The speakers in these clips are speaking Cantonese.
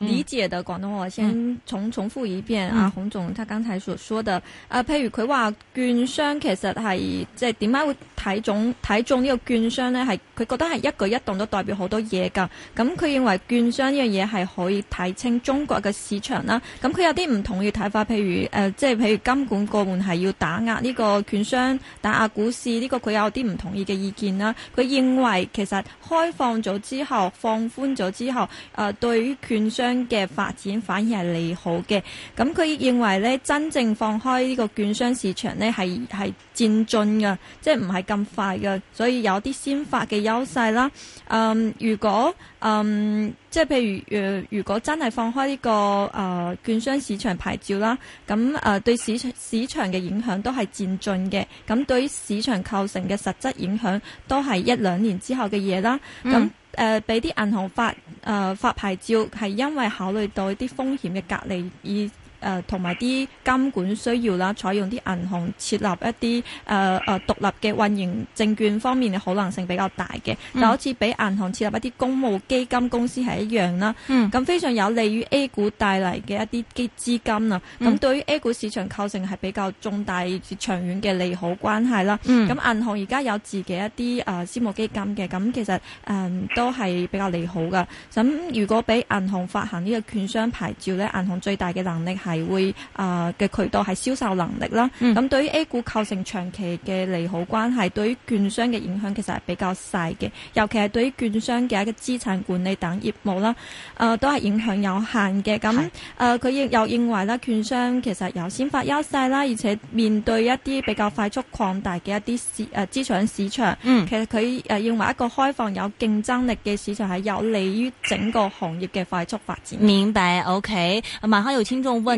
嗯、理解的廣東話我先重重複一遍、嗯、啊！洪總，他剛才所說的，啊，譬如佢話券商其實係即係點解會睇中睇中呢個券商咧？係佢覺得係一舉一動都代表好多嘢㗎。咁佢認為券商呢樣嘢係可以睇清中國嘅市場啦、啊。咁佢有啲唔同意睇法，譬如誒即係譬如監管過門係要打壓呢個券商，打壓股市呢個佢有啲唔同意嘅意見啦、啊。佢認為其實開放咗之後放寬咗之後誒、呃、對於券商。嘅發展反而係利好嘅，咁佢認為咧，真正放開呢個券商市場咧，係係漸進嘅，即係唔係咁快嘅，所以有啲先發嘅優勢啦。嗯，如果嗯，即係譬如，如果真係放開呢、這個誒、呃、券商市場牌照啦，咁誒、呃、對市場市場嘅影響都係漸進嘅，咁對市場構成嘅實質影響都係一兩年之後嘅嘢啦。咁、嗯誒，俾啲銀行發誒、呃、發牌照，係因為考慮到一啲風險嘅隔離而。誒同埋啲監管需要啦，採用啲銀行設立一啲誒誒獨立嘅運營證券方面嘅可能性比較大嘅，嗯、就好似俾銀行設立一啲公募基金公司係一樣啦。嗯。咁非常有利於 A 股帶嚟嘅一啲基金啊，咁、嗯、對於 A 股市場構成係比較重大、長遠嘅利好關係啦。嗯。咁銀行而家有自己一啲誒、呃、私募基金嘅，咁其實誒、呃、都係比較利好噶。咁如果俾銀行發行呢個券商牌照咧，銀行最大嘅能力係。係會誒嘅、呃、渠道係銷售能力啦，咁、嗯、對於 A 股構成長期嘅利好關係，對於券商嘅影響其實係比較細嘅，尤其係對於券商嘅一個資產管理等業務啦，誒、呃、都係影響有限嘅。咁誒佢亦又認為啦，券商其實有先發優勢啦，而且面對一啲比較快速擴大嘅一啲市誒、呃、資產市場，嗯、其實佢誒認為一個開放有競爭力嘅市場係有利於整個行業嘅快速發展。明白，OK。啊，馬上有聽眾問。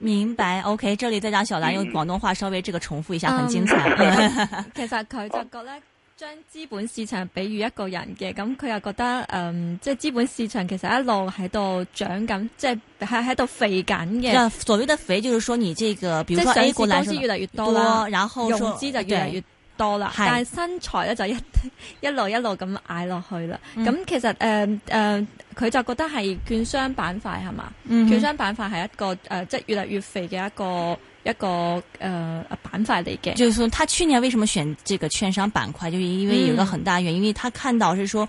明白，OK，這裏再叫小蘭用廣東話稍微這個重複一下，嗯、很精彩。嗯、其實佢就覺得將資本市場比喻一個人嘅，咁佢又覺得，嗯即係資本市場其實一路喺度漲緊，即係喺喺度肥緊嘅。所謂的肥，就是說你這個，比如說 A 股公司越嚟越多啦，然後融資就越嚟越。多啦，是但係身材咧就一一路一路咁矮落去啦。咁、嗯、其實誒誒，佢、呃呃、就覺得係券商板塊係嘛？是嗎，嗯、哼券商板塊係一個誒、呃，即係越嚟越肥嘅一個一個誒、呃、板塊嚟嘅。就是說他去年為什麼選這個券商板塊？就是因為有一個很大原因，嗯、因為他看到是說，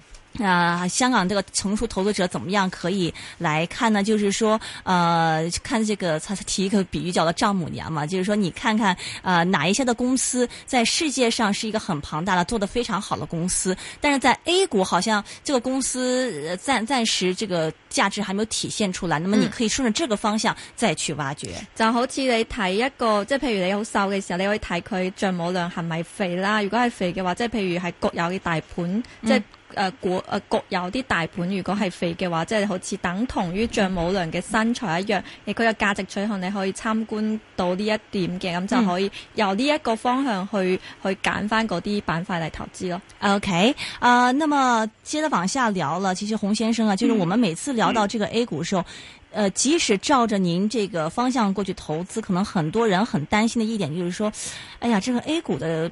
啊、呃，香港這個成熟投資者怎麼樣可以來看呢？就是說，呃，看這個他提一個比喻叫做丈母娘嘛，就是說你看看呃，哪一些的公司在世界上是一個很龐大的、做的非常好的公司，但是在 A 股好像這個公司暫暫時這個價值還沒有體現出來。那麼你可以順着這個方向再去挖掘。就好似你睇一個，即係譬如你好瘦嘅時候，你可以睇佢丈母娘係咪肥啦。如果係肥嘅話，即係譬如係國有嘅大盤，嗯、即係。誒，股誒、啊國，啊、國有啲大盤，如果係肥嘅話，即、就、係、是、好似等同於丈母娘嘅身材一樣，而佢嘅價值取向你可以參觀到呢一點嘅，咁就可以由呢一個方向去、嗯、去揀翻嗰啲板塊嚟投資咯。OK，啊、呃，那麼接着往下聊啦，其實洪先生啊，就是我們每次聊到這個 A 股的時候，誒、嗯呃，即使照着您這個方向過去投資，可能很多人很擔心的一點就是說，哎呀，這個 A 股的。